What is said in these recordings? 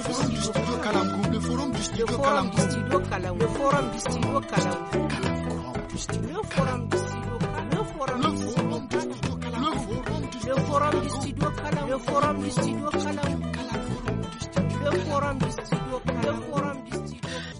forum du studio Kalamkou. Le forum du studio Le forum du studio Le forum du studio Le forum du studio Le forum du Le forum du studio Le forum du studio forum du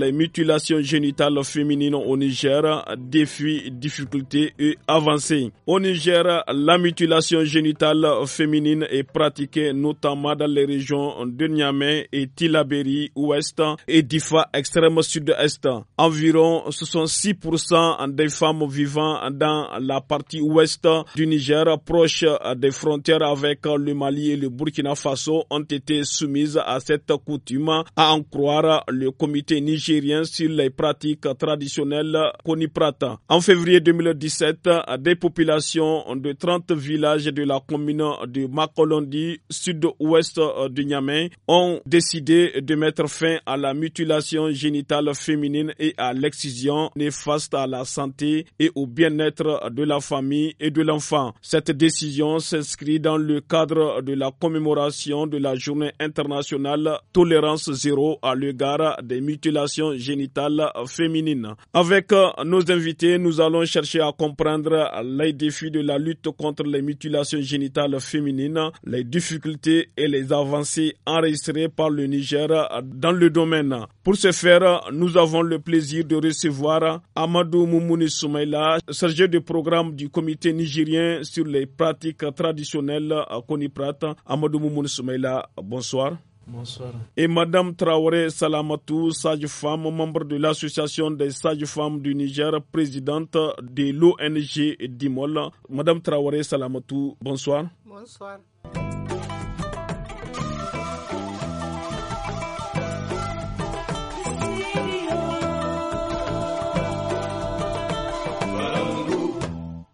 les mutilations génitales féminines au Niger, défis, difficultés et avancées. Au Niger, la mutilation génitale féminine est pratiquée notamment dans les régions de Niamey et Tilaberi ouest et Difa extrême sud-est. Environ 66% des femmes vivant dans la partie ouest du Niger, proche des frontières avec le Mali et le Burkina Faso, ont été soumises à cette coutume, à en croire le comité Niger rien sur les pratiques traditionnelles coniprata. En février 2017, des populations de 30 villages de la commune de Makolondi, sud-ouest du Niamey, ont décidé de mettre fin à la mutilation génitale féminine et à l'excision néfaste à la santé et au bien-être de la famille et de l'enfant. Cette décision s'inscrit dans le cadre de la commémoration de la journée internationale tolérance zéro à l'égard des mutilations génitale féminine. Avec euh, nos invités, nous allons chercher à comprendre les défis de la lutte contre les mutilations génitales féminines, les difficultés et les avancées enregistrées par le Niger dans le domaine. Pour ce faire, nous avons le plaisir de recevoir Amadou Moumouni Soumaïla, chargé de programme du comité nigérien sur les pratiques traditionnelles à Koniprat. Amadou Moumouni Soumaïla, bonsoir. Bonsoir. Et Madame Traoré Salamatou, sage-femme, membre de l'Association des sages-femmes du Niger, présidente de l'ONG Dimol. Madame Traoré Salamatou, bonsoir. Bonsoir.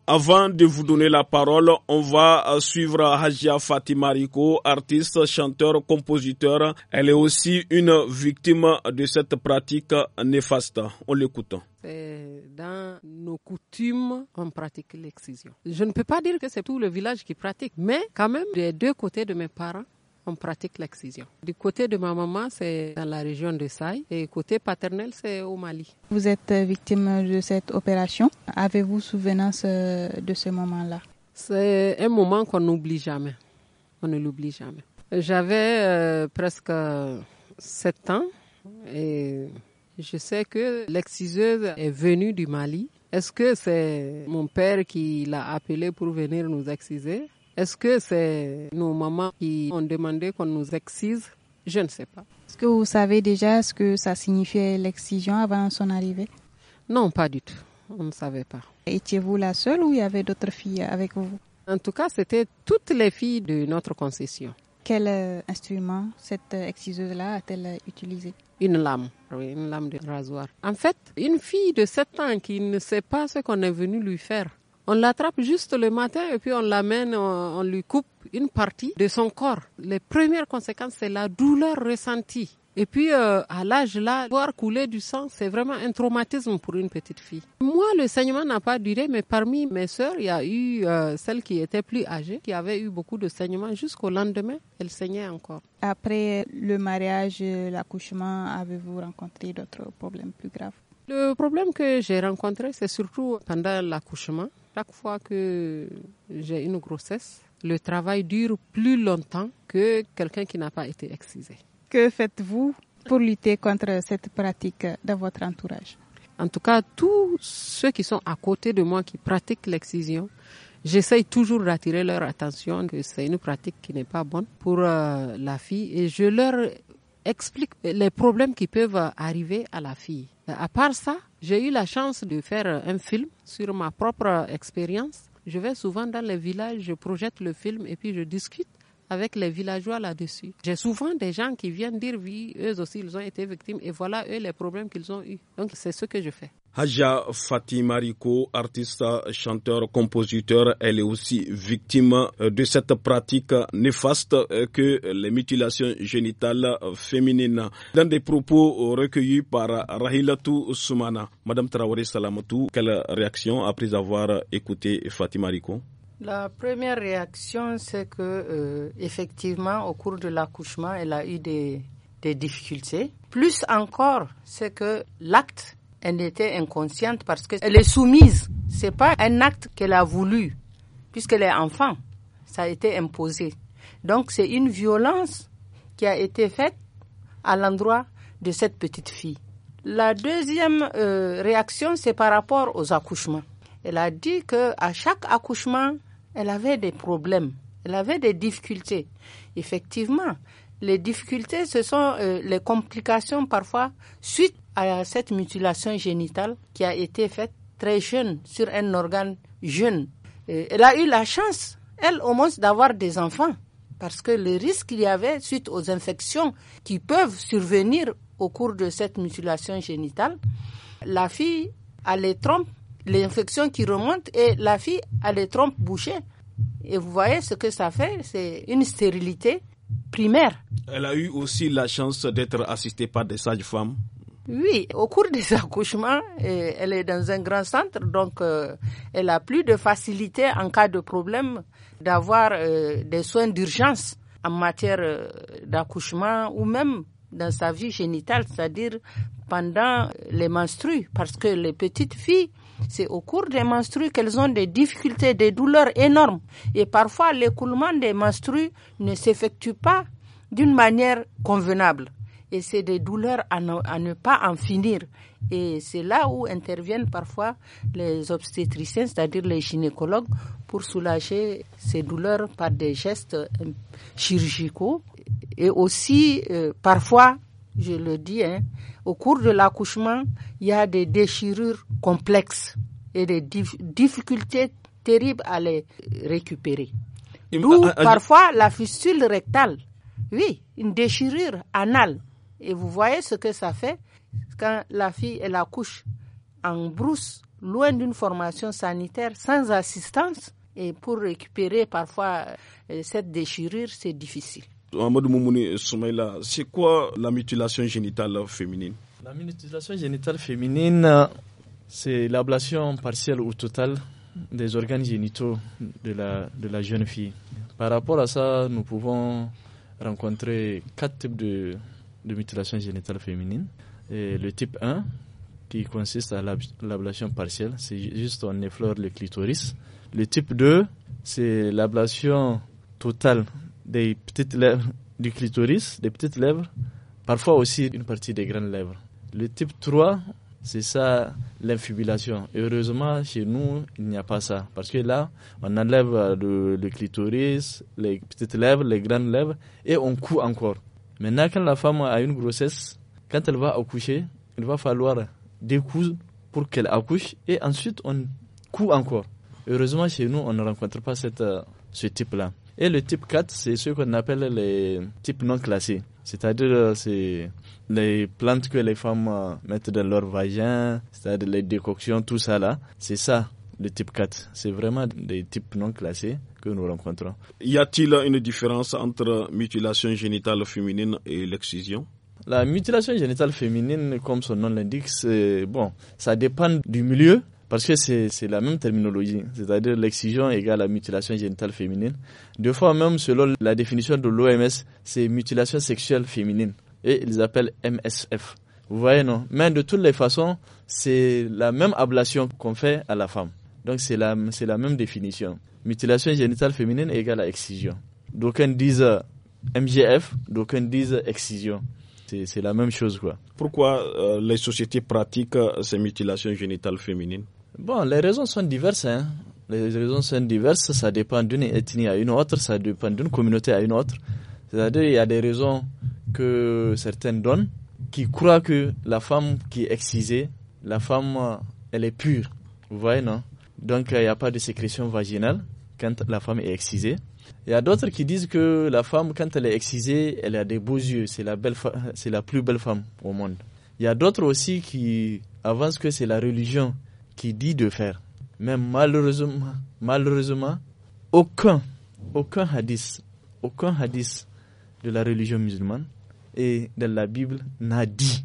Avant de vous donner la parole, on va euh, suivre Hajia Fatimariko, artiste, chanteur, compositeur. Elle est aussi une victime de cette pratique néfaste. On l'écoute. Dans nos coutumes, on pratique l'excision. Je ne peux pas dire que c'est tout le village qui pratique, mais quand même, des deux côtés de mes parents, on pratique l'excision. Du côté de ma maman, c'est dans la région de Saï et côté paternel, c'est au Mali. Vous êtes euh, victime de cette opération. Avez-vous souvenance euh, de ce moment-là C'est un moment qu'on n'oublie jamais. On ne l'oublie jamais. J'avais euh, presque sept ans et je sais que l'exciseuse est venue du Mali. Est-ce que c'est mon père qui l'a appelé pour venir nous exciser est-ce que c'est nos mamans qui ont demandé qu'on nous excise Je ne sais pas. Est-ce que vous savez déjà ce que ça signifiait l'excision avant son arrivée Non, pas du tout. On ne savait pas. Étiez-vous la seule ou il y avait d'autres filles avec vous En tout cas, c'était toutes les filles de notre concession. Quel euh, instrument cette exciseuse-là a-t-elle utilisé Une lame, oui, une lame de rasoir. En fait, une fille de 7 ans qui ne sait pas ce qu'on est venu lui faire, on l'attrape juste le matin et puis on l'amène, on, lui coupe une partie de son corps. Les premières conséquences, c'est la douleur ressentie. Et puis, euh, à l'âge là, voir couler du sang, c'est vraiment un traumatisme pour une petite fille. Moi, le saignement n'a pas duré, mais parmi mes sœurs, il y a eu euh, celle qui était plus âgée, qui avait eu beaucoup de saignements. Jusqu'au lendemain, elle saignait encore. Après le mariage, l'accouchement, avez-vous rencontré d'autres problèmes plus graves le problème que j'ai rencontré, c'est surtout pendant l'accouchement. Chaque fois que j'ai une grossesse, le travail dure plus longtemps que quelqu'un qui n'a pas été excisé. Que faites-vous pour lutter contre cette pratique dans votre entourage En tout cas, tous ceux qui sont à côté de moi qui pratiquent l'excision, j'essaye toujours d'attirer leur attention que c'est une pratique qui n'est pas bonne pour euh, la fille et je leur explique les problèmes qui peuvent arriver à la fille. À part ça, j'ai eu la chance de faire un film sur ma propre expérience. Je vais souvent dans les villages, je projette le film et puis je discute avec les villageois là-dessus. J'ai souvent des gens qui viennent dire oui, eux aussi ils ont été victimes et voilà eux les problèmes qu'ils ont eus. Donc c'est ce que je fais. Haja Fatimariko, artiste, chanteur, compositeur, elle est aussi victime euh, de cette pratique néfaste euh, que les mutilations génitales féminines. Dans des propos euh, recueillis par Rahilatou Soumana, Madame Traoré Salamotou, quelle réaction après avoir écouté Fatimariko la première réaction, c'est que effectivement, au cours de l'accouchement, elle a eu des difficultés. Plus encore, c'est que l'acte elle était inconsciente parce qu'elle est soumise. C'est pas un acte qu'elle a voulu, puisqu'elle est enfant. Ça a été imposé. Donc c'est une violence qui a été faite à l'endroit de cette petite fille. La deuxième euh, réaction, c'est par rapport aux accouchements. Elle a dit que à chaque accouchement, elle avait des problèmes, elle avait des difficultés. Effectivement, les difficultés, ce sont euh, les complications parfois suite à cette mutilation génitale qui a été faite très jeune sur un organe jeune. elle a eu la chance, elle au moins, d'avoir des enfants parce que le risque qu'il y avait suite aux infections qui peuvent survenir au cours de cette mutilation génitale, la fille a les trompes, les qui remonte et la fille a les trompes bouchées. Et vous voyez ce que ça fait, c'est une stérilité primaire. Elle a eu aussi la chance d'être assistée par des sages-femmes oui, au cours des accouchements, eh, elle est dans un grand centre, donc euh, elle a plus de facilité en cas de problème d'avoir euh, des soins d'urgence en matière euh, d'accouchement ou même dans sa vie génitale, c'est-à-dire pendant les menstrues, parce que les petites filles, c'est au cours des menstrues qu'elles ont des difficultés, des douleurs énormes. Et parfois, l'écoulement des menstrues ne s'effectue pas d'une manière convenable et c'est des douleurs à ne, pas en finir. Et c'est là où interviennent parfois les obstétriciens, c'est-à-dire les gynécologues, pour soulager ces douleurs par des gestes euh, chirurgicaux. Et aussi, euh, parfois, je le dis, hein, au cours de l'accouchement, il y a des déchirures complexes et des difficultés terribles à les récupérer. Ah, ah, parfois la fistule rectale. Oui, une déchirure anale et vous voyez ce que ça fait quand la fille elle accouche en brousse, loin d'une formation sanitaire, sans assistance. Et pour récupérer parfois euh, cette déchirure, c'est difficile. Amadou Moumouni Soumaïla, c'est quoi la mutilation génitale féminine La mutilation génitale féminine, c'est l'ablation partielle ou totale des organes génitaux de la, de la jeune fille. Par rapport à ça, nous pouvons rencontrer quatre types de de mutilation génitale féminine. Hmm. le type 1, qui consiste à l'ablation partielle, c'est juste on effleure le clitoris. Le type 2, c'est l'ablation totale des petites lèvres du clitoris, des petites lèvres, parfois aussi une partie des grandes lèvres. Le type 3, c'est ça l'infibulation. Heureusement, chez nous, il n'y a pas ça. Parce que là, on enlève euh, le, le clitoris, les petites lèvres, les grandes lèvres, et on coud encore. Maintenant, quand la femme a une grossesse, quand elle va accoucher, il va falloir des coups pour qu'elle accouche et ensuite on coud encore. Heureusement, chez nous, on ne rencontre pas cette, euh, ce type-là. Et le type 4, c'est ce qu'on appelle les types non classés. C'est-à-dire, euh, c'est les plantes que les femmes euh, mettent dans leur vagin, c'est-à-dire les décoctions, tout ça là. C'est ça, le type 4. C'est vraiment des types non classés nous rencontrons. Y a-t-il une différence entre mutilation génitale féminine et l'excision La mutilation génitale féminine, comme son nom l'indique, bon, ça dépend du milieu. Parce que c'est la même terminologie, c'est-à-dire l'excision égale la mutilation génitale féminine. Deux fois même, selon la définition de l'OMS, c'est mutilation sexuelle féminine. Et ils appellent MSF. Vous voyez, non Mais de toutes les façons, c'est la même ablation qu'on fait à la femme. Donc c'est la, c'est la même définition. Mutilation génitale féminine égale à excision. D'aucuns disent euh, MGF, d'aucuns disent excision. C'est la même chose quoi. Pourquoi euh, les sociétés pratiquent euh, ces mutilations génitales féminines Bon, les raisons sont diverses. Hein. Les raisons sont diverses. Ça dépend d'une ethnie à une autre, ça dépend d'une communauté à une autre. C'est-à-dire il y a des raisons que certaines donnent qui croient que la femme qui est excisée, la femme, elle est pure. Vous voyez, non donc, euh, il n'y a pas de sécrétion vaginale quand la femme est excisée. Il y a d'autres qui disent que la femme, quand elle est excisée, elle a des beaux yeux. C'est la, belle c'est la plus belle femme au monde. Il y a d'autres aussi qui avancent que c'est la religion qui dit de faire. Mais malheureusement, malheureusement, aucun, aucun hadith, aucun hadith de la religion musulmane et de la Bible n'a dit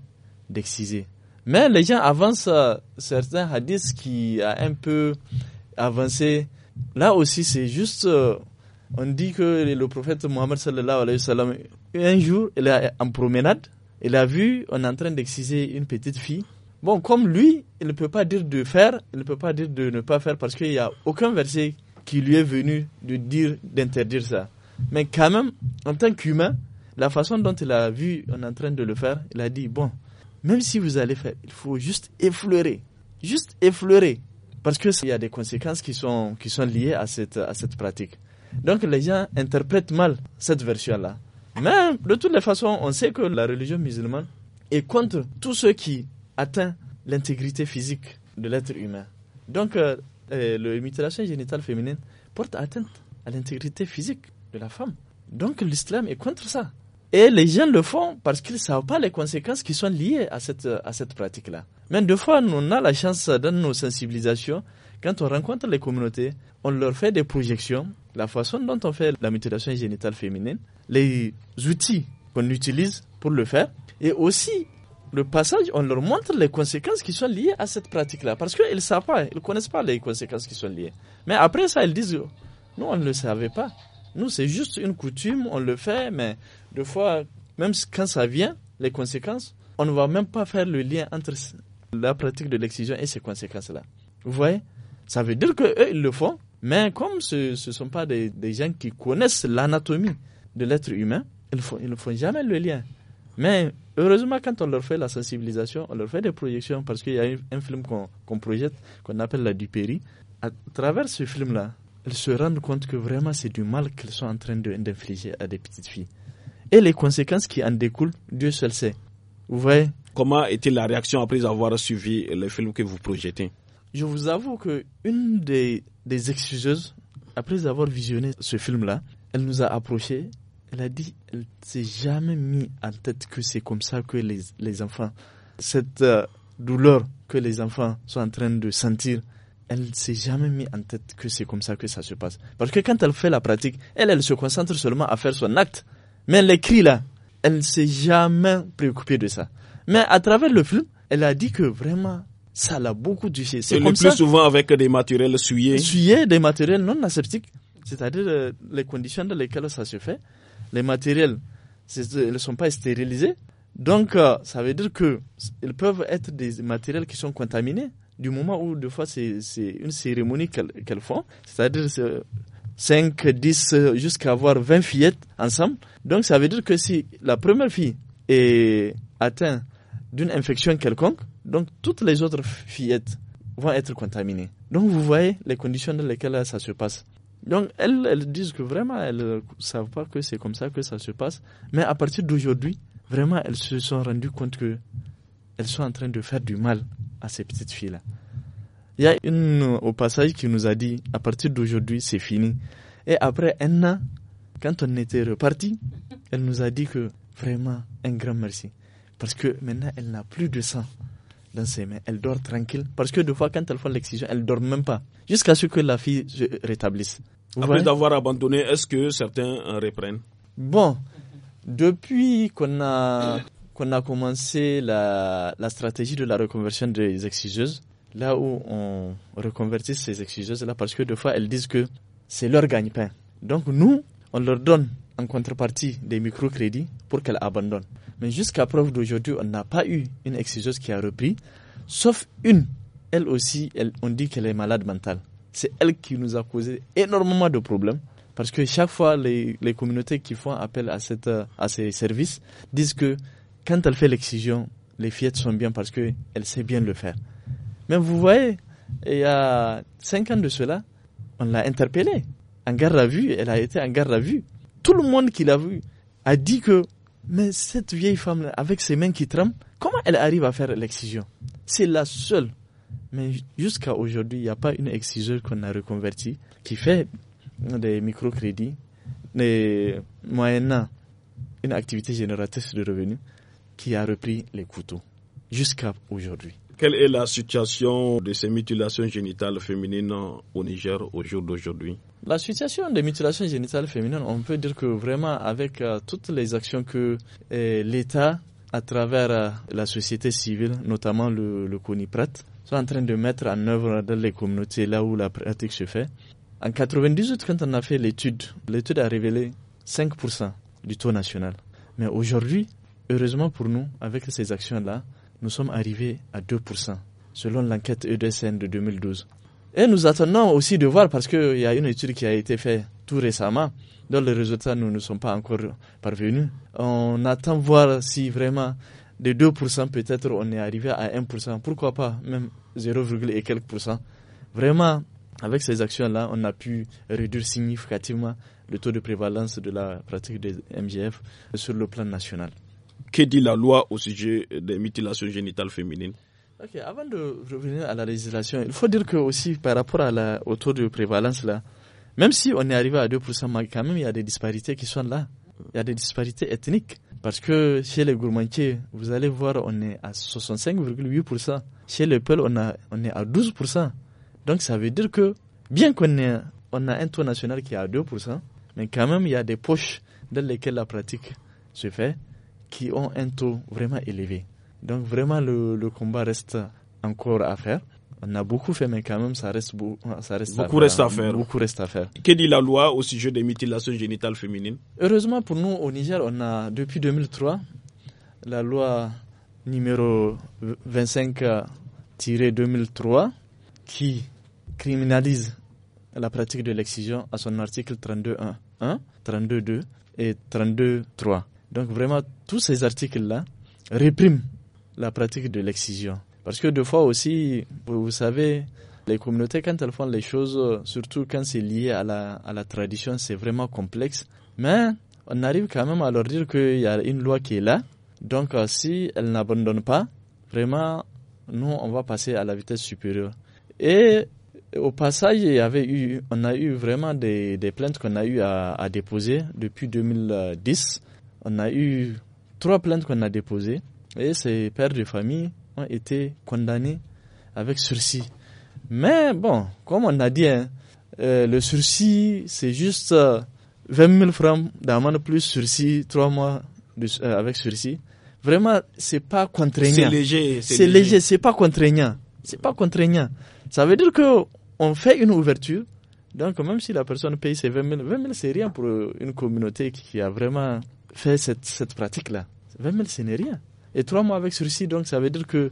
d'exciser. Mais les gens avancent euh, certains hadiths qui a un peu avancé. Là aussi, c'est juste, euh, on dit que le prophète Mohammed sallallahu alayhi wa sallam, un jour, il est en promenade, il a vu, on est en train d'exciser une petite fille. Bon, comme lui, il ne peut pas dire de faire, il ne peut pas dire de ne pas faire parce qu'il n'y a aucun verset qui lui est venu de dire, d'interdire ça. Mais quand même, en tant qu'humain, la façon dont il a vu, on est en train de le faire, il a dit, bon, même si vous allez faire, il faut juste effleurer. Juste effleurer. Parce qu'il y a des conséquences qui sont, liées à cette, pratique. Donc les gens interprètent mal cette version-là. Mais de toutes les façons, on sait que la religion musulmane est contre tout ce qui atteint l'intégrité physique de l'être humain. Donc, euh, euh, le mutilation génitale féminine porte atteinte à l'intégrité physique de la femme. Donc, l'islam est contre ça. Et les gens le font parce qu'ils ne savent pas les conséquences qui sont liées à cette, à cette pratique-là. Mais deux fois, on a la chance dans nos sensibilisations, quand on rencontre les communautés, on leur fait des projections, la façon dont on fait la mutilation génitale féminine, les outils qu'on utilise pour le faire, et aussi le passage, on leur montre les conséquences qui sont liées à cette pratique-là. Parce qu'ils ne savent pas, ils ne connaissent pas les conséquences qui sont liées. Mais après ça, ils disent, nous, on ne le savait pas. Nous, c'est juste une coutume, on le fait, mais des fois, même quand ça vient, les conséquences, on ne va même pas faire le lien entre la pratique de l'excision et ces conséquences-là. Vous voyez Ça veut dire qu'eux, ils le font, mais comme ce ne sont pas des, des, gens qui connaissent l'anatomie de l'être humain, ils ne font, ils font jamais le lien. Mais heureusement, quand on leur fait la sensibilisation, on leur fait des projections, parce qu'il y a un film qu'on projette, qu'on appelle la Dupéry. À travers ce film-là, ils se rendent compte que vraiment c'est du mal qu'ils sont en train d'infliger à des petites filles. Et les conséquences qui en découlent, Dieu seul sait. Vous voyez Comment était la réaction après avoir suivi le film que vous projetez Je vous avoue que une des, des excuseuses, après avoir visionné ce film-là, elle nous a approchés. Elle a dit, elle s'est jamais mis en tête que c'est comme ça que les, les enfants, cette euh, douleur que les enfants sont en train de sentir, elle ne s'est jamais mis en tête que c'est comme ça que ça se passe. Parce que quand elle fait la pratique, elle, elle se concentre seulement à faire son acte. Mais lécrit là, elle ne s'est jamais préoccupée de ça. Mais à travers le film, elle a dit que vraiment, ça l'a beaucoup touché. C'est le plus souvent avec des matériels souillés. Souillés, des matériels non aseptiques, c'est-à-dire euh, les conditions dans lesquelles ça se fait. Les matériels ne euh, sont pas stérilisés. Donc, euh, ça veut dire que ils peuvent être des matériels qui sont contaminés du moment où, des fois, c'est une cérémonie qu'elles font, c'est-à-dire 5, 10, jusqu'à avoir 20 fillettes ensemble. Donc ça veut dire que si la première fille est atteinte d'une infection quelconque, donc toutes les autres fillettes vont être contaminées. Donc vous voyez les conditions dans lesquelles ça se passe. Donc elles, elles disent que vraiment, elles ne savent pas que c'est comme ça que ça se passe. Mais à partir d'aujourd'hui, vraiment, elles se sont rendues compte qu'elles sont en train de faire du mal à ces petites filles-là. Il y a une euh, au passage qui nous a dit à partir d'aujourd'hui, c'est fini. Et après un an, quand on était reparti, elle nous a dit que vraiment un grand merci. Parce que maintenant, elle n'a plus de sang dans ses mains. Elle dort tranquille. Parce que des fois, quand elle fait l'excision, elle dort même pas. Jusqu'à ce que la fille se rétablisse. Après d'avoir abandonné, est-ce que certains reprennent Bon, depuis qu'on a, qu'on a commencé la, la, stratégie de la reconversion des exigeuses là où on reconvertit ces exciseuses là parce que des fois elles disent que c'est leur gagne-pain. Donc nous, on leur donne en contrepartie des microcrédits pour qu'elles abandonnent. Mais jusqu'à preuve d'aujourd'hui, on n'a pas eu une exigeuse qui a repris, sauf une. Elle aussi, on dit qu'elle est malade mentale. C'est elle qui nous a causé énormément de problèmes parce que chaque fois, les, les communautés qui font appel à, ces services disent que quand elle fait l'excision, les fillettes sont bien parce qu'elle sait bien le faire. Mais vous voyez, il y a cinq ans de cela, on l'a interpellée en garde à vue. Elle a été en garde à vue. Tout le monde qui l'a vue a dit que, mais cette vieille femme, avec ses mains qui tremblent, comment elle arrive à faire l'excision C'est la seule. Mais jusqu'à aujourd'hui, il n'y a pas une exciseuse qu'on a reconvertie qui fait des microcrédits, des moyennant une activité génératrice de revenus, qui a repris les couteaux jusqu'à aujourd'hui. Quelle est la situation de ces mutilations génitales féminines au Niger au jour d'aujourd'hui La situation des mutilations génitales féminines, on peut dire que vraiment avec euh, toutes les actions que eh, l'État, à travers euh, la société civile, notamment le, le CONIPRAT, sont en train de mettre en œuvre dans les communautés là où la pratique se fait. En 98, quand on a fait l'étude, l'étude a révélé 5% du taux national. Mais aujourd'hui, heureusement pour nous, avec ces actions-là, nous sommes arrivés à 2%, selon l'enquête EDSN de 2012. Et nous attendons aussi de voir, parce qu'il y a une étude qui a été faite tout récemment, dont les résultats nous ne sont pas encore parvenus. On attend voir si vraiment de 2%, peut-être on est arrivé à 1%, pourquoi pas même 0, et quelques Vraiment, avec ces actions-là, on a pu réduire significativement le taux de prévalence de la pratique des MGF sur le plan national que dit la loi au sujet des mutilations génitales féminines avant de revenir à la législation, il faut dire que aussi par rapport à la, au taux de prévalence là, même si on est arrivé à 2%, quand même il y a des disparités qui sont là. Il y a des disparités ethniques. Parce que chez les gourmandiers, vous allez voir, on est à 65,8%. Chez les peuls, on, on est à 12%. Donc ça veut dire que, bien qu'on on a un taux national qui est à 2%, mais quand même, il y a des poches dans lesquelles la pratique se fait qui ont un taux vraiment élevé. Donc vraiment, le, combat reste encore à faire. On a beaucoup fait, mais quand même, ça reste, ça reste beaucoup, à reste à faire. beaucoup reste à faire. Que dit la loi au sujet des mutilations génitales féminines Heureusement pour nous, au Niger, on a depuis 2003 la loi numéro 25-2003 qui criminalise la pratique de l'excision à son article 32.1, 32.2 et 32.3. Donc vraiment, tous ces articles-là répriment la pratique de l'excision. Parce que deux fois aussi, vous savez, les communautés, quand elles font les choses, surtout quand c'est lié à la, à la tradition, c'est vraiment complexe. Mais on arrive quand même à leur dire qu'il y a une loi qui est là. Donc euh, si elles n'abandonnent pas, vraiment, nous, on va passer à la vitesse supérieure. Et au passage, il y avait eu, on a eu vraiment des, plaintes qu'on a eu à, à, déposer depuis 2010 on a eu trois plaintes qu'on a déposées et ces pères de famille ont été condamnés avec sursis. Mais bon, comme on a dit, hein, euh, le sursis, c'est juste 20 euh, 000 francs d'amende plus sursis, trois mois euh, avec sursis. Vraiment, c'est pas contraignant. C'est léger. C'est léger, c'est pas contraignant. C'est pas contraignant. Ça veut dire que on fait une ouverture. Donc, même si la personne paye ses 20 000, 20 000, c'est rien pour une communauté qui a vraiment fait cette, cette pratique-là. 20 000, ce n'est rien. Et trois mois avec ceci donc ça veut dire que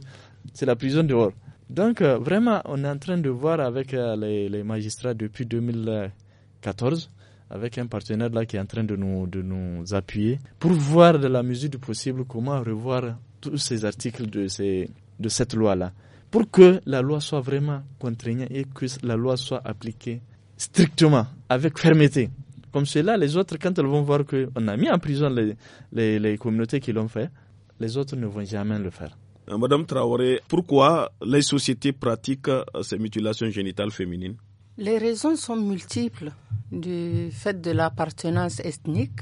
c'est la prison dehors. Donc euh, vraiment, on est en train de voir avec euh, les, les, magistrats depuis 2014, euh, avec un partenaire là qui est en train de nous, de nous appuyer, pour voir de la mesure du possible comment revoir tous ces articles de, ces, de cette loi-là, pour que la loi soit vraiment contraignante et que la loi soit appliquée strictement, avec fermeté. Comme cela, les autres, quand elles vont voir qu'on a mis en prison les, communautés qui l'ont fait, les autres ne vont jamais le faire. Euh, Madame Traoré, pourquoi les sociétés pratiquent euh, ces mutilations génitales féminines Les raisons sont multiples du fait de l'appartenance ethnique,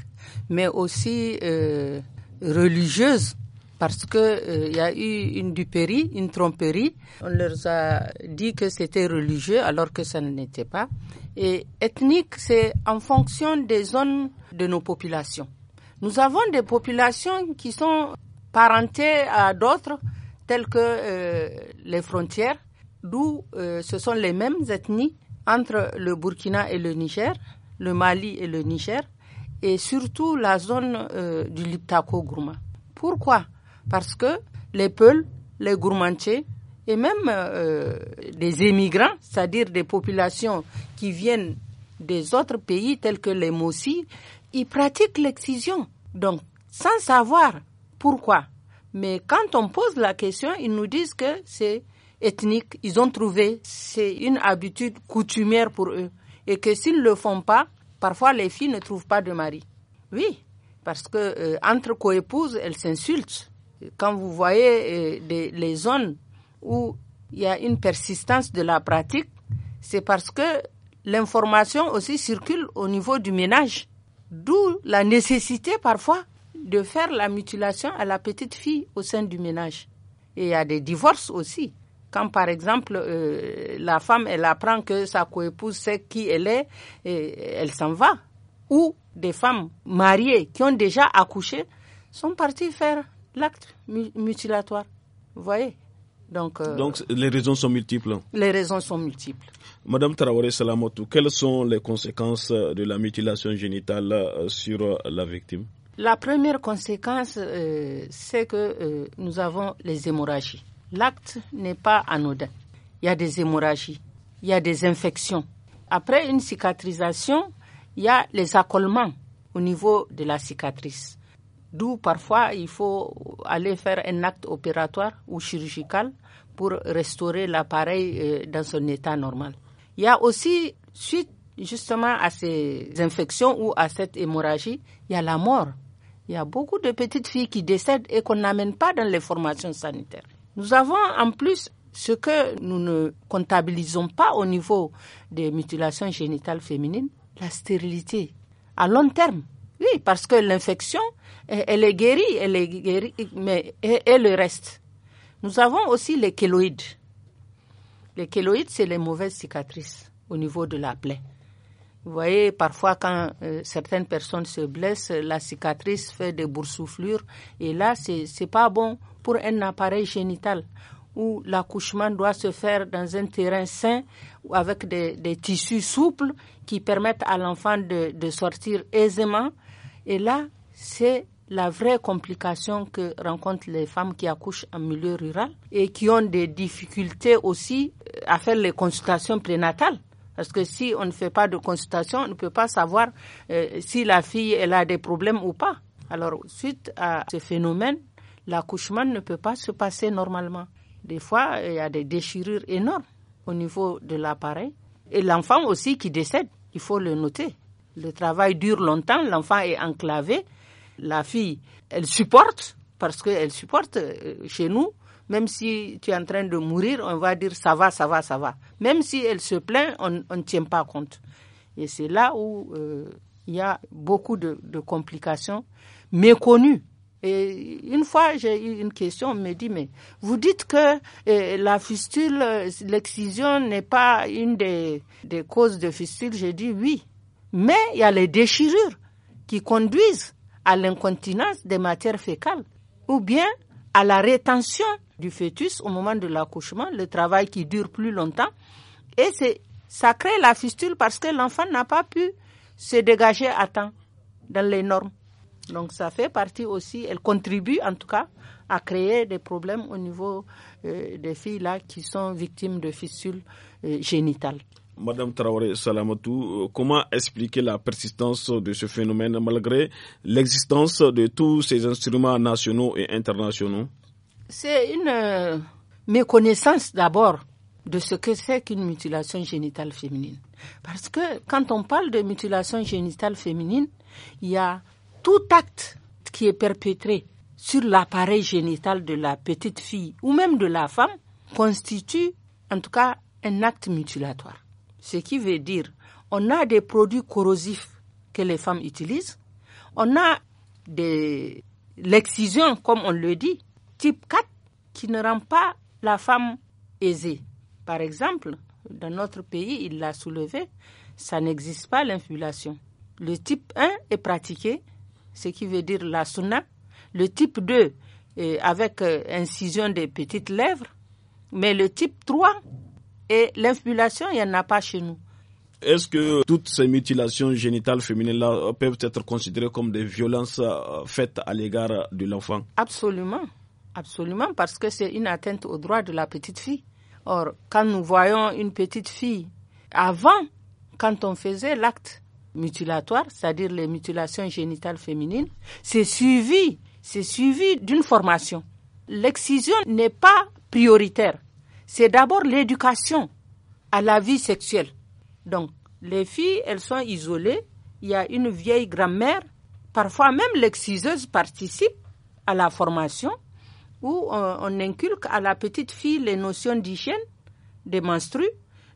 mais aussi euh, religieuse parce qu'il euh, y a eu une duperie, une tromperie. On leur a dit que c'était religieux alors que ça ne l'était pas. Et ethnique, c'est en fonction des zones de nos populations. Nous avons des populations qui sont parentées à d'autres, telles que euh, les frontières, d'où euh, ce sont les mêmes ethnies entre le Burkina et le Niger, le Mali et le Niger, et surtout la zone euh, du Liptako-Gourma. Pourquoi parce que les peuls, les gourmandiers et même euh, émigrants, c'est-à-dire des populations qui viennent des autres pays tels que les Mossi, ils pratiquent l'excision. Donc, sans savoir pourquoi. Mais quand on pose la question, ils nous disent que c'est ethnique. Ils ont trouvé, c'est une habitude coutumière pour eux. Et que s'ils ne le font pas, parfois les filles ne trouvent pas de mari. Oui, parce que euh, entre coépouses, elles s'insultent quand vous voyez euh, les, zones où il y a une persistance de la pratique, c'est parce que l'information aussi circule au niveau du ménage. D'où la nécessité parfois de faire la mutilation à la petite fille au sein du ménage. Et il y a des divorces aussi. Quand par exemple euh, la femme elle apprend que sa coépouse sait qui elle est, et elle s'en va. Ou des femmes mariées qui ont déjà accouché sont parties faire l'acte mutilatoire. Vous voyez donc, euh, donc, les raisons sont multiples. Hein. Les raisons sont multiples. Madame Traoré Salamotou, quelles sont les conséquences de la mutilation génitale euh, sur euh, la victime La première conséquence, c'est que nous avons les hémorragies. L'acte n'est pas anodin. Il y a des hémorragies, il y a des infections. Après une cicatrisation, il y a les accolements au niveau de la cicatrice. D'où parfois il faut aller faire un acte opératoire ou chirurgical pour restaurer l'appareil euh, dans son état normal. Il y a aussi, suite justement à ces infections ou à cette hémorragie, il y a la mort. Il y a beaucoup de petites filles qui décèdent et qu'on n'amène pas dans les formations sanitaires. Nous avons en plus ce que nous ne comptabilisons pas au niveau des mutilations génitales féminines, la stérilité à long terme. Oui, parce que l'infection, elle est guérie, elle est guérie, mais et, le reste. Nous avons aussi les kéloïdes. Les kéloïdes, c'est les mauvaises cicatrices au niveau de la plaie. Vous voyez, parfois, quand euh, certaines personnes se blessent, la cicatrice fait des boursouflures. Et là, c'est n'est pas bon pour un appareil génital où l'accouchement doit se faire dans un terrain sain ou avec des, tissus souples qui permettent à l'enfant de sortir aisément et là, c'est la vraie complication que rencontrent les femmes qui accouchent en milieu rural et qui ont des difficultés aussi euh, à faire les consultations prénatales. Parce que si on ne fait pas de consultation, on ne peut pas savoir euh, si la fille elle a des problèmes ou pas. Alors, suite à ce phénomène, l'accouchement ne peut pas se passer normalement. Des fois, il y a des déchirures énormes au niveau de l'appareil. Et l'enfant aussi qui décède, il faut le noter. Le travail dure longtemps, l'enfant est enclavé. La fille, elle supporte, parce qu'elle supporte euh, chez nous, même si tu es en train de mourir, on va dire ça va, ça va, ça va. Même si elle se plaint, on, ne tient pas compte. Et c'est là où euh, il y a beaucoup de, complications méconnues. Et une fois, j'ai eu une question, on me dit, mais vous dites que euh, la fistule, l'excision n'est pas une des, des causes de fistule. J'ai dit oui, mais il y a les déchirures qui conduisent à l'incontinence des matières fécales ou bien à la rétention du fœtus au moment de l'accouchement, le travail qui dure plus longtemps. Et c'est, ça crée la fistule parce que l'enfant n'a pas pu se dégager à temps dans les normes. Donc ça fait partie aussi, elle contribue en tout cas à créer des problèmes au niveau euh, des filles là qui sont victimes de fistules euh, génitales. Madame Traoré Salamatou, euh, comment expliquer la persistance de ce phénomène malgré l'existence de tous ces instruments nationaux et internationaux C'est une euh, méconnaissance d'abord de ce que c'est qu'une mutilation génitale féminine. Parce que quand on parle de mutilation génitale féminine, il y a tout acte qui est perpétré sur l'appareil génital de la petite fille ou même de la femme constitue en tout cas un acte mutilatoire. Ce qui veut dire, on a des produits corrosifs que les femmes utilisent, on a des l'excision, comme on le dit, type 4, qui ne rend pas la femme aisée. Par exemple, dans notre pays, il l'a soulevé, ça n'existe pas l'infibulation. Le type 1 est pratiqué, ce qui veut dire la sunna. Le type 2, avec euh, incision des petites lèvres. Mais le type 3, et l'infibulation, il n'y en a pas chez nous. Est-ce que toutes ces mutilations génitales féminines-là peuvent être considérées comme des violences euh, faites à l'égard de l'enfant Absolument, absolument, parce que c'est une atteinte aux droits de la petite fille. Or, quand nous voyons une petite fille, avant, quand on faisait l'acte mutilatoire, c'est-à-dire les mutilations génitales féminines, c'est suivi, c'est suivi d'une formation. L'excision n'est pas prioritaire c'est d'abord l'éducation à la vie sexuelle. Donc, les filles, elles sont isolées. Il y a une vieille grand-mère. Parfois même, l'exciseuse participe à la formation où on, inculque à la petite fille les notions d'hygiène, des menstrues,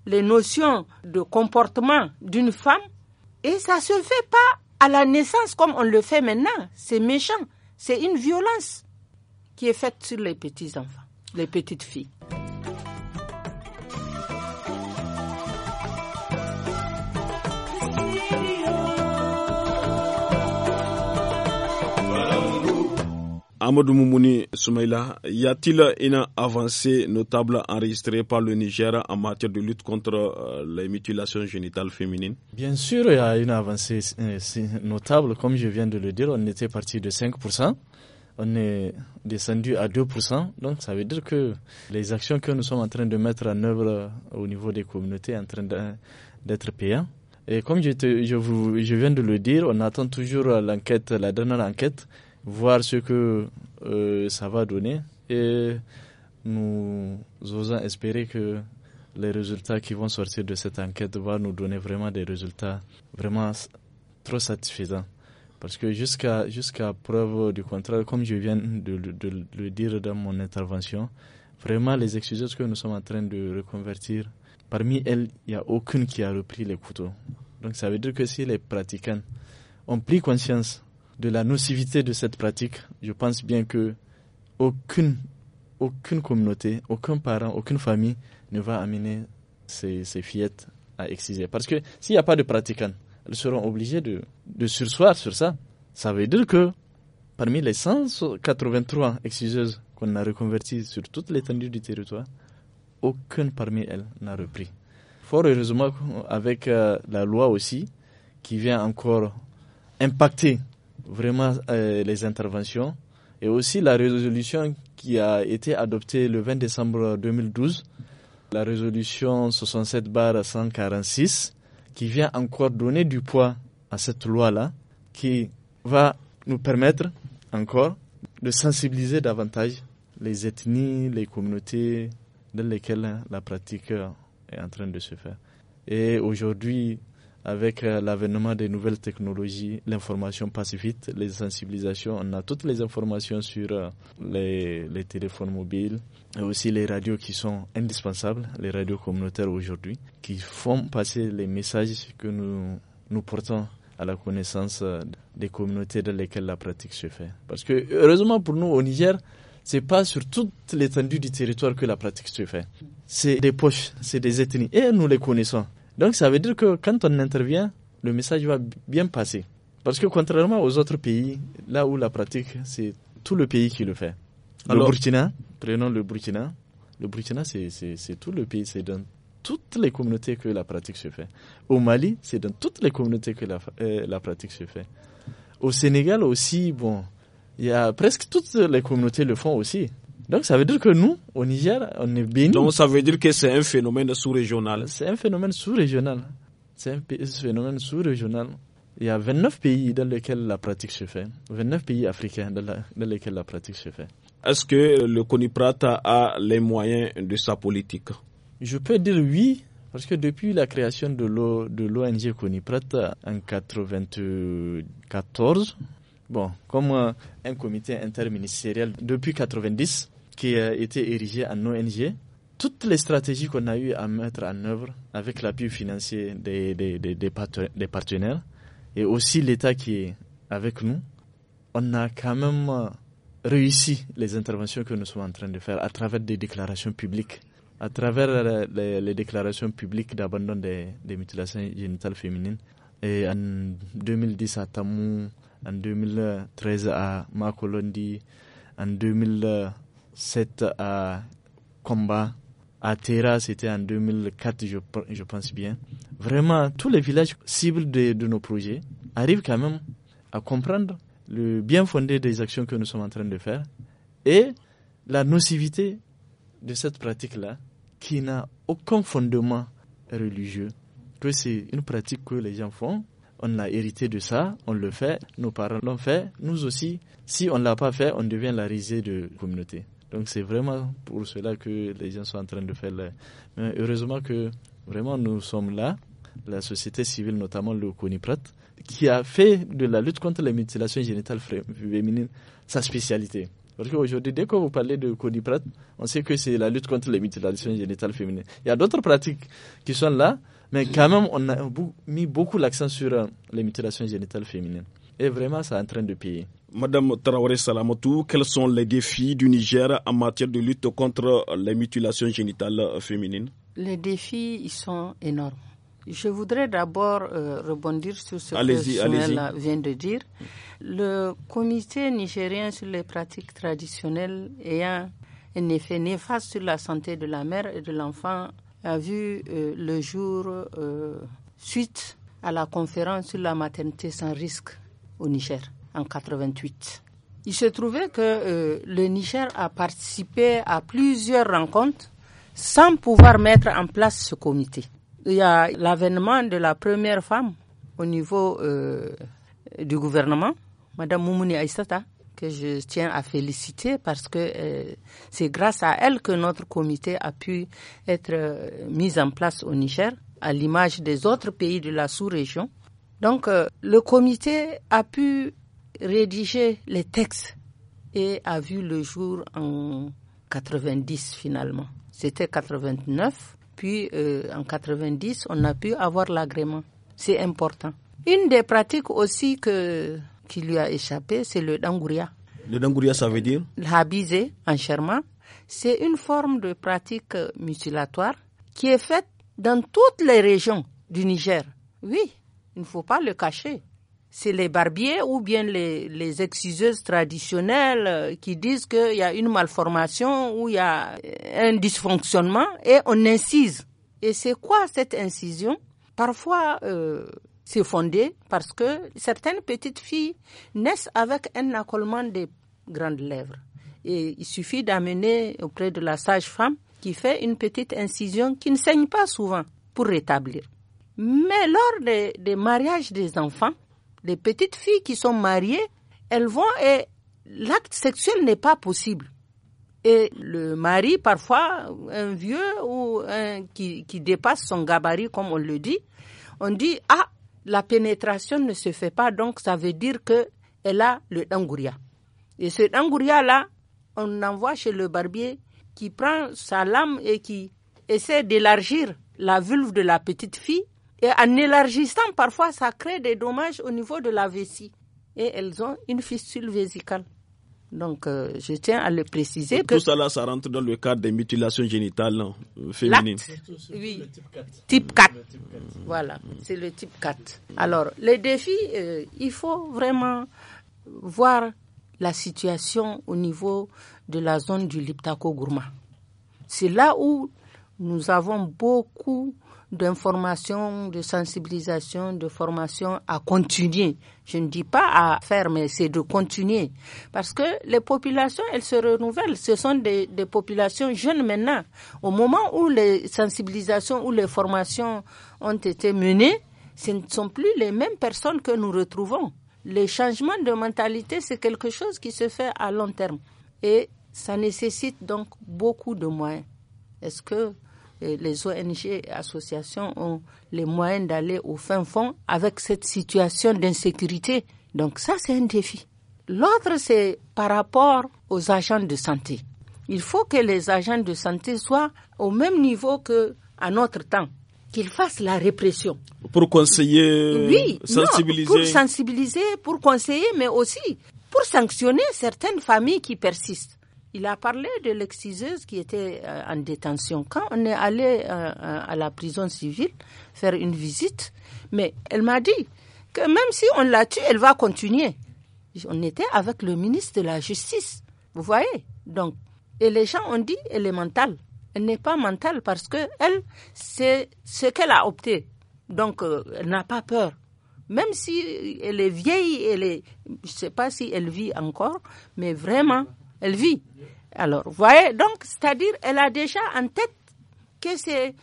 les notions de comportement d'une femme. Et ça se fait pas à la naissance comme on le fait maintenant. C'est méchant. C'est une violence qui est faite sur les petits enfants, les petites filles. Amadou Moumouni Soumaïla, y a-t-il une avancée notable enregistrée par le Niger en matière de lutte contre euh, les mutilations génitales féminines Bien sûr, il y a une avancée euh, notable. Comme je viens de le dire, on était parti de 5%. On est descendu à 2%. Donc, ça veut dire que les actions que nous sommes en train de mettre en œuvre euh, au niveau des communautés sont en train d'être payantes. Et comme je, je viens de le dire, on attend toujours l'enquête, la dernière enquête voir ce que euh, ça va donner et nous osons espérer que les résultats qui vont sortir de cette enquête vont nous donner vraiment des résultats vraiment trop satisfaisants. Parce que jusqu'à preuve du contraire, comme je viens de, de, le dire dans mon intervention, vraiment les excuses que nous sommes en train de reconvertir, parmi elles, il n'y a aucune qui a repris les couteaux. Donc ça veut dire que si les pratiquants ont pris conscience de la nocivité de cette pratique, je pense bien que aucune, communauté, aucun parent, aucune famille ne va amener ces, fillettes à exciser. Parce que s'il n'y a pas de pratiquants, elles seront obligées de, de sursoir sur ça. Ça veut dire que parmi les 183 exciseuses qu'on a reconverties sur toute l'étendue du territoire, aucune parmi elles n'a repris. Fort heureusement, avec euh, la loi aussi, qui vient encore impacter vraiment euh, les interventions et aussi la résolution qui a été adoptée le 20 décembre 2012, la résolution 67 146, qui vient encore donner du poids à cette loi-là, qui va nous permettre encore de sensibiliser davantage les ethnies, les communautés dans lesquelles la pratique est en train de se faire. Et aujourd'hui, avec euh, l'avènement des nouvelles technologies, l'information passe vite, les sensibilisations, on a toutes les informations sur euh, les, téléphones mobiles et aussi les radios qui sont indispensables, les radios communautaires aujourd'hui, qui font passer les messages que nous, nous portons à la connaissance euh, des communautés dans lesquelles la pratique se fait. Parce que heureusement pour nous au Niger, c'est pas sur toute l'étendue du territoire que la pratique se fait. C'est des poches, c'est des ethnies et nous les connaissons. Donc ça veut dire que quand on intervient, le message va bien passer. Parce que contrairement aux autres pays, là où la pratique, c'est tout le pays qui le fait. le Burkina, prenons le Burkina. Le Burkina, c'est tout le pays, c'est dans toutes les communautés que la pratique se fait. Au Mali, c'est dans toutes les communautés que la, euh, pratique se fait. Au Sénégal aussi, bon, il y a presque toutes les communautés le font aussi. Donc ça veut dire que nous, au Niger, on est béni. Donc ça veut dire que c'est un phénomène sous-régional. C'est un phénomène sous-régional. C'est un phénomène sous-régional. Il y a 29 pays dans lesquels la pratique se fait. 29 pays africains dans, lesquels la pratique se fait. Est-ce que le CONIPRAT a les moyens de sa politique Je peux dire oui, parce que depuis la création de l'ONG CONIPRAT en 1994, bon, comme euh, un comité interministériel depuis 1990, qui a été érigé en ONG, toutes les stratégies qu'on a eu à mettre en œuvre avec l'appui financier des, des, des, partenaires et aussi l'État qui est avec nous, on a quand même euh, réussi les interventions que nous sommes en train de faire à travers des déclarations publiques, à travers euh, les, déclarations publiques d'abandon des, mutilations génitales féminines. Et en 2010 à Tamou, en 2013 à Makolondi, en 2000 cet euh, combat à Terra, c'était en 2004, je, je, pense bien. Vraiment, tous les villages cibles de, nos projets arrivent quand même à comprendre le bien fondé des actions que nous sommes en train de faire et la nocivité de cette pratique-là qui n'a aucun fondement religieux, c'est une pratique que les gens font. On l'a hérité de ça, on le fait, nos parents l'ont fait, nous aussi. Si on ne l'a pas fait, on devient la risée de communauté. Donc c'est vraiment pour cela que les gens sont en train de faire. Mais heureusement que vraiment nous sommes là, la société civile, notamment le CONIPRAT, qui a fait de la lutte contre les mutilations génitales féminines sa spécialité. Parce qu'aujourd'hui, dès que vous parlez de CONIPRAT, on sait que c'est la lutte contre les mutilations génitales féminines. Il y a d'autres pratiques qui sont là, mais quand même, on a mis beaucoup l'accent sur euh, les mutilations génitales féminines. Et vraiment, ça est en train de payer. Madame Traoré Salamotou, quels sont les défis du Niger en matière de lutte contre les mutilations génitales féminines Les défis, sont énormes. Je voudrais d'abord euh, rebondir sur ce que vient de dire. Le comité nigérien sur les pratiques traditionnelles ayant un effet néfaste sur la santé de la mère et de l'enfant a vu euh, le jour euh, suite à la conférence sur la maternité sans risque au Niger en 88. Il se trouvait que euh, le Niger a participé à plusieurs rencontres sans pouvoir mettre en place ce comité. Il y a l'avènement de la première femme au niveau euh, du gouvernement, Madame Moumouni Aïssata, que je tiens à féliciter parce que euh, c'est grâce à elle que notre comité a pu être mis en place au Niger, à l'image des autres pays de la sous-région. Donc, le comité a pu rédigé les textes et a vu le jour en 90 finalement. C'était 89, puis euh, en 90, on a pu avoir l'agrément. C'est important. Une des pratiques aussi que, qui lui a échappé, c'est le dangouria. Le dangouria, ça veut dire L'habisé en Sherman. C'est une forme de pratique mutilatoire qui est faite dans toutes les régions du Niger. Oui, il ne faut pas le cacher c'est les barbiers ou bien les, les exciseuses traditionnelles euh, qui disent qu'il y a une malformation ou il y a euh, un dysfonctionnement et on incise. Et c'est quoi cette incision Parfois, euh, c'est fondé parce que certaines petites filles naissent avec un accolement des grandes lèvres. Et il suffit d'amener auprès de la sage-femme qui fait une petite incision qui ne saigne pas souvent pour rétablir. Mais lors des, des mariages des enfants, les petites filles qui sont mariées, elles vont et l'acte sexuel n'est pas possible. Et le mari, parfois, un vieux ou un, qui, qui dépasse son gabarit, comme on le dit, on dit, ah, la pénétration ne se fait pas, donc ça veut dire que elle a le danguria Et ce danguria là on envoie chez le barbier qui prend sa lame et qui essaie d'élargir la vulve de la petite fille et en élargissant, parfois, ça crée des dommages au niveau de la vessie. Et elles ont une fistule vésicale. Donc, euh, je tiens à le préciser. que tout ça, ça rentre dans le cadre des mutilations génitales féminines. Oui, type 4. Type 4. Voilà, c'est le type 4. Alors, les défis, euh, il faut vraiment voir la situation au niveau de la zone du Liptako-Gourma. C'est là où nous avons beaucoup d'information, de sensibilisation, de formation à continuer. Je ne dis pas à faire, mais c'est de continuer. Parce que les populations, elles se renouvellent. Ce sont des, des populations jeunes maintenant. Au moment où les sensibilisations ou les formations ont été menées, ce ne sont plus les mêmes personnes que nous retrouvons. Les changements de mentalité, c'est quelque chose qui se fait à long terme. Et ça nécessite donc beaucoup de moyens. Est-ce que les ONG associations ont les moyens d'aller au fin fond avec cette situation d'insécurité. Donc ça, c'est un défi. L'autre, c'est par rapport aux agents de santé. Il faut que les agents de santé soient au même niveau que à notre temps, qu'ils fassent la répression. Pour conseiller, sensibiliser. pour sensibiliser, pour conseiller, mais aussi pour sanctionner certaines familles qui persistent. Il a parlé de l'exciseuse qui était euh, en détention. Quand on est allé euh, euh, à la prison civile faire une visite, mais elle m'a dit que même si on la tue, elle va continuer. On était avec le ministre de la Justice, vous voyez. Donc, et les gens ont dit elle est mentale. Elle n'est pas mentale parce que elle, c'est ce qu'elle a opté. Donc, elle n'a pas peur même si elle est vieille, elle je ne sais pas si elle vit encore, mais vraiment, elle vit. Alors, voyez, donc, c'est-à-dire, elle a déjà en tête que c'est,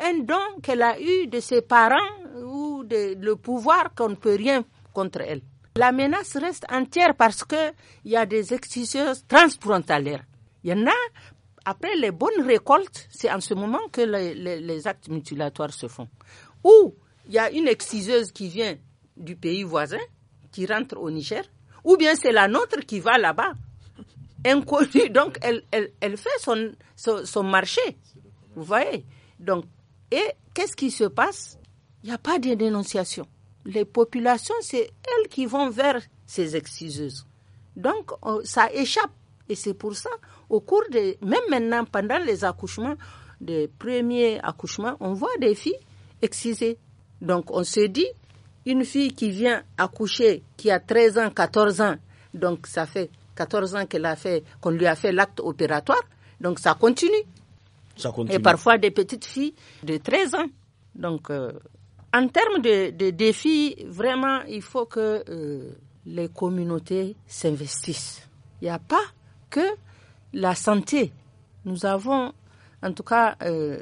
un don qu'elle a eu de ses parents ou de, le pouvoir qu'on ne peut rien contre elle. La menace reste entière parce qu'il y a des exciseuses transfrontalières. Il y en a, après les bonnes récoltes, c'est en ce moment que les, les actes mutilatoires se font. Ou il y a une exciseuse qui vient du pays voisin, qui rentre au Niger, ou bien c'est la nôtre qui va là-bas inconnue. Donc, elle, elle, elle fait son, son, marché. Vous voyez Donc, et qu'est-ce qui se passe Il n'y a pas de dénonciation. Les populations, c'est elles qui vont vers ces exciseuses. Donc, ça échappe. Et c'est pour ça, au cours des... Même maintenant, pendant les accouchements, des premiers accouchements, on voit des filles excisées. Donc, on se dit, une fille qui vient accoucher, qui a 13 ans, 14 ans, donc ça fait 14 ans qu'elle a fait, qu'on lui a fait l'acte opératoire. Donc ça continue. ça continue. Et parfois des petites filles de 13 ans. Donc euh, en termes de, de, défis, vraiment, il faut que euh, les communautés s'investissent. Il n'y a pas que la santé. Nous avons, en tout cas, euh,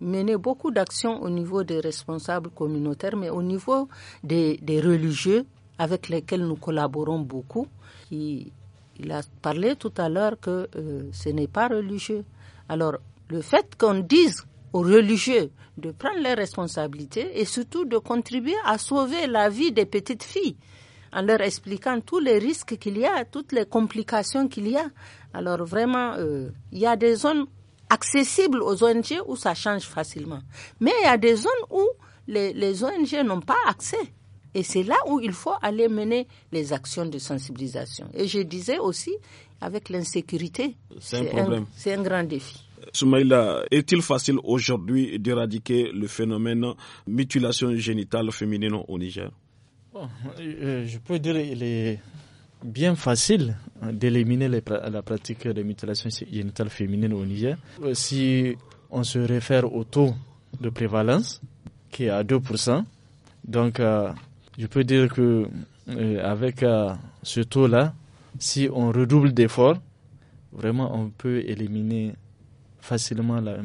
mené beaucoup d'actions au niveau des responsables communautaires, mais au niveau des, des religieux avec lesquels nous collaborons beaucoup, qui il a parlé tout à l'heure que euh, ce n'est pas religieux. Alors, le fait qu'on dise aux religieux de prendre leurs responsabilités et surtout de contribuer à sauver la vie des petites filles en leur expliquant tous les risques qu'il y a, toutes les complications qu'il y a. Alors vraiment, euh, il y a des zones accessibles aux ONG où ça change facilement. Mais il y a des zones où les ONG n'ont pas accès. Et c'est là où il faut aller mener les actions de sensibilisation. Et je disais aussi, avec l'insécurité, c'est un, un grand défi. Soumaïla, est-il facile aujourd'hui d'éradiquer le phénomène mutilation génitale féminine au Niger euh, Je peux dire qu'il est bien facile d'éliminer la pratique de mutilation génitale féminine au Niger. Euh, si on se réfère au taux de prévalence, qui est à 2%, donc euh, je peux dire que euh, avec euh, ce taux-là, si on redouble d'efforts, vraiment on peut éliminer facilement la,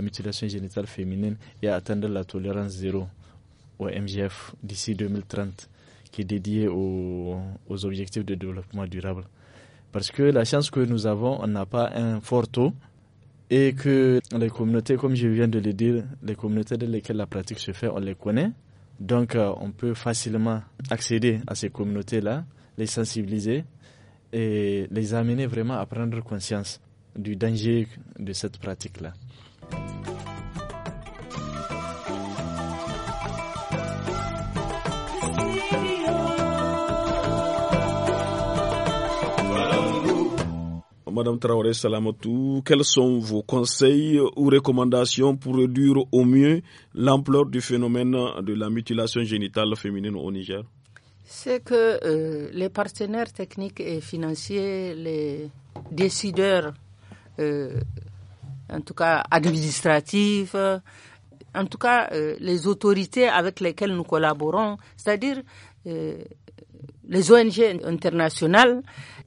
mutilation génitale féminine et atteindre la tolérance zéro au MGF d'ici 2030, qui est dédiée aux, aux, objectifs de développement durable. Parce que la chance que nous avons, on n'a pas un fort taux et que les communautés, comme je viens de le dire, les communautés dans lesquelles la pratique se fait, on les connaît. Donc, euh, on peut facilement accéder à ces communautés-là, les sensibiliser et les amener vraiment à prendre conscience du danger de cette pratique-là. Madame Traoré Salamotou, quels sont vos conseils ou recommandations pour réduire au mieux l'ampleur du phénomène de la mutilation génitale féminine au Niger C'est que euh, les partenaires techniques et financiers, les décideurs, euh, en tout cas administratifs, euh, en tout cas les autorités avec lesquelles nous collaborons, c'est-à-dire les ONG internationales,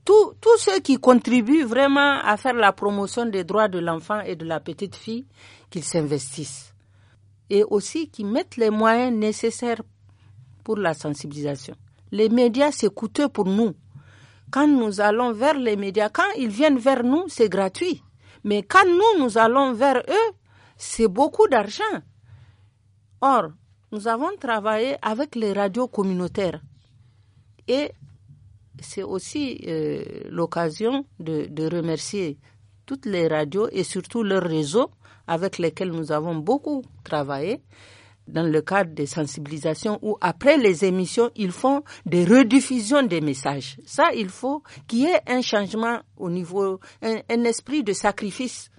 tous ceux qui contribuent vraiment à faire la promotion des droits de l'enfant et de la petite fille, qu'ils s'investissent. Et aussi qu'ils mettent les moyens nécessaires pour la sensibilisation. Les médias, c'est coûteux pour nous. Quand nous allons vers les médias, quand ils viennent vers nous, c'est gratuit. Mais quand nous, nous allons vers eux, c'est beaucoup d'argent. Or, nous avons travaillé avec les radios communautaires. Et c'est aussi euh, l'occasion de, de, remercier toutes les radios et surtout leurs réseaux avec lesquels nous avons beaucoup travaillé dans le cadre des sensibilisations où après les émissions, ils font des rediffusions des messages. Ça, il faut qu'il y ait un changement au niveau, un, un esprit de sacrifice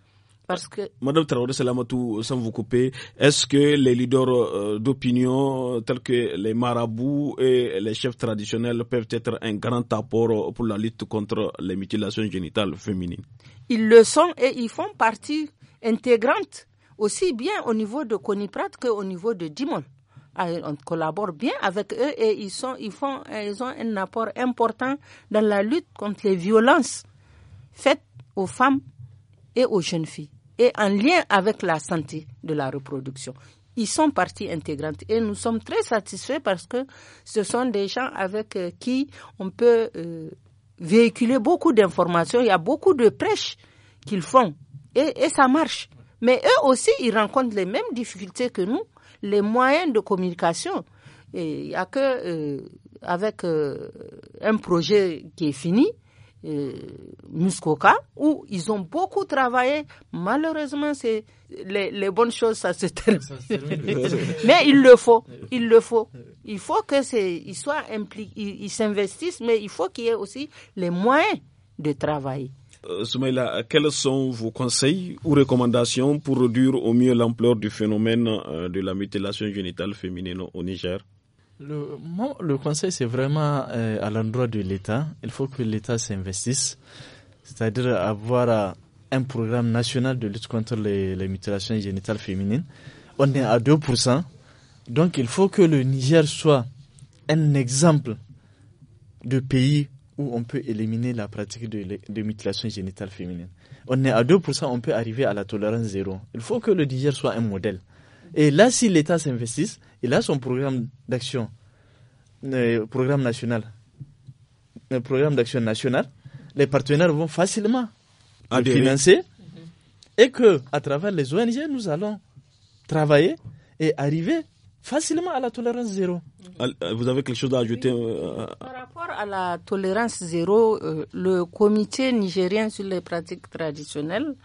parce que... Madame Traoré Salamatou, sans vous couper, est-ce que les leaders euh, d'opinion tels que les marabouts et les chefs traditionnels peuvent être un grand apport pour la lutte contre les mutilations génitales féminines Ils le sont et ils font partie intégrante aussi bien au niveau de Coniprat qu'au niveau de Dimon. Ah, on collabore bien avec eux et ils, sont, ils, font, ils ont un apport important dans la lutte contre les violences faites aux femmes et aux jeunes filles et en lien avec la santé de la reproduction. Ils sont partie intégrante et nous sommes très satisfaits parce que ce sont des gens avec euh, qui on peut euh, véhiculer beaucoup d'informations. Il y a beaucoup de prêches qu'ils font et, et ça marche. Mais eux aussi, ils rencontrent les mêmes difficultés que nous, les moyens de communication. Et il n'y a que euh, avec un projet qui est fini, euh, Muskoka, où ils ont beaucoup travaillé. Malheureusement, c'est les, les, bonnes choses, ça se termine. mais il le faut, il le faut. Il faut que ils soient impliqués, ils s'investissent, mais il faut qu'il y ait aussi les moyens de travailler. Euh, Soumaïla, quels sont vos conseils ou recommandations pour réduire au mieux l'ampleur du phénomène euh, de la mutilation génitale féminine au Niger le, le conseil, c'est vraiment euh, à l'endroit de l'État. Il faut que l'État s'investisse, c'est-à-dire avoir euh, un programme national de lutte contre les, mutilations génitales féminines. On est à 2%. Donc, il faut que le Niger soit un exemple de pays où on peut éliminer la pratique de, mutilations génitales féminines. On est à 2%, on peut arriver à la tolérance zéro. Il faut que le Niger soit un modèle. Et là, si l'État s'investisse, il a son programme d'action, le euh, programme national, le programme d'action national. Les partenaires vont facilement le financer mhm. et que à travers les ONG nous allons travailler et arriver facilement à la tolérance zéro. Euh, vous avez quelque chose à ajouter euh, Par rapport à la tolérance zéro, le comité nigérien sur les pratiques traditionnelles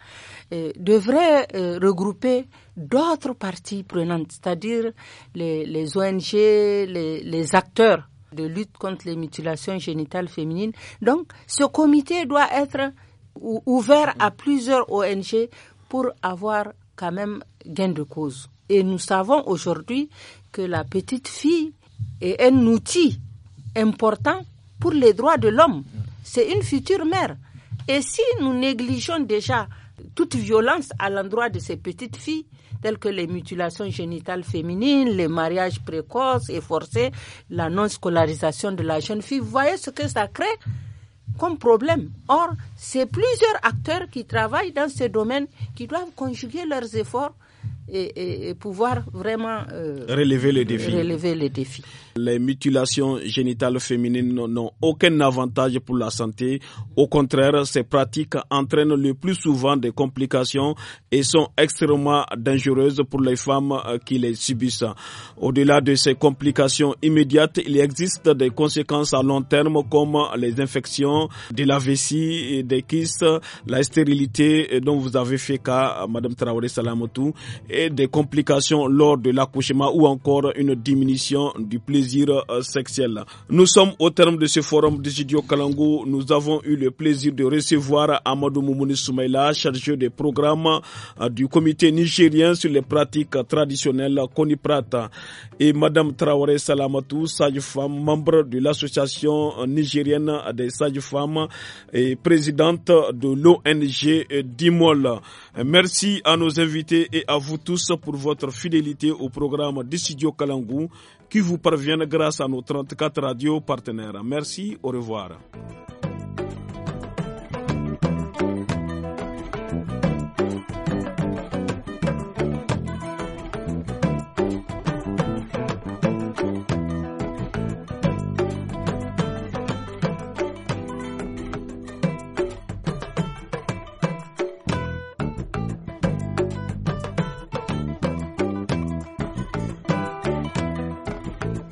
euh, devrait euh, regrouper d'autres parties prenantes, c'est-à-dire les, ONG, les acteurs de lutte contre les mutilations génitales féminines. Donc, ce comité doit être ouvert à plusieurs ONG pour avoir quand même gain de cause. Et nous savons aujourd'hui que la petite fille est un outil important pour les droits de l'homme. C'est une future mère. Et si nous négligeons déjà toute violence à l'endroit de ces petites filles, telles que les mutilations génitales féminines, les mariages précoces et forcés, la non-scolarisation de la jeune fille. Vous voyez ce que ça crée comme problème. Or, c'est plusieurs acteurs qui travaillent dans ce domaine qui doivent conjuguer leurs efforts et, pouvoir vraiment euh, relever les défis. Relever les défis les mutilations génitales féminines n'ont aucun avantage pour la santé. Au contraire, ces pratiques entraînent le plus souvent des complications et sont extrêmement dangereuses pour les femmes euh, qui les subissent. Au-delà de ces complications immédiates, il existe des conséquences à long terme comme les infections de la vessie, et des kystes, la stérilité euh, dont vous avez fait cas, Madame Traoré Salamotou, et des complications lors de l'accouchement ou encore une diminution du plaisir euh, sexuel. Nous sommes au terme de ce forum de Studio Kalango. Nous avons eu le plaisir de recevoir Amadou Moumouni Soumaïla, chargé des programmes euh, du comité nigérien sur les pratiques traditionnelles Koniprata et Madame Traoré Salamatou, sage-femme, membre de l'association nigérienne des sages-femmes et présidente de l'ONG Dimol. Merci à nos invités et à vous tous pour votre fidélité au programme de Studio Kalango qui vous parvient grâce à nos 34 radios partenaires. Merci, au revoir.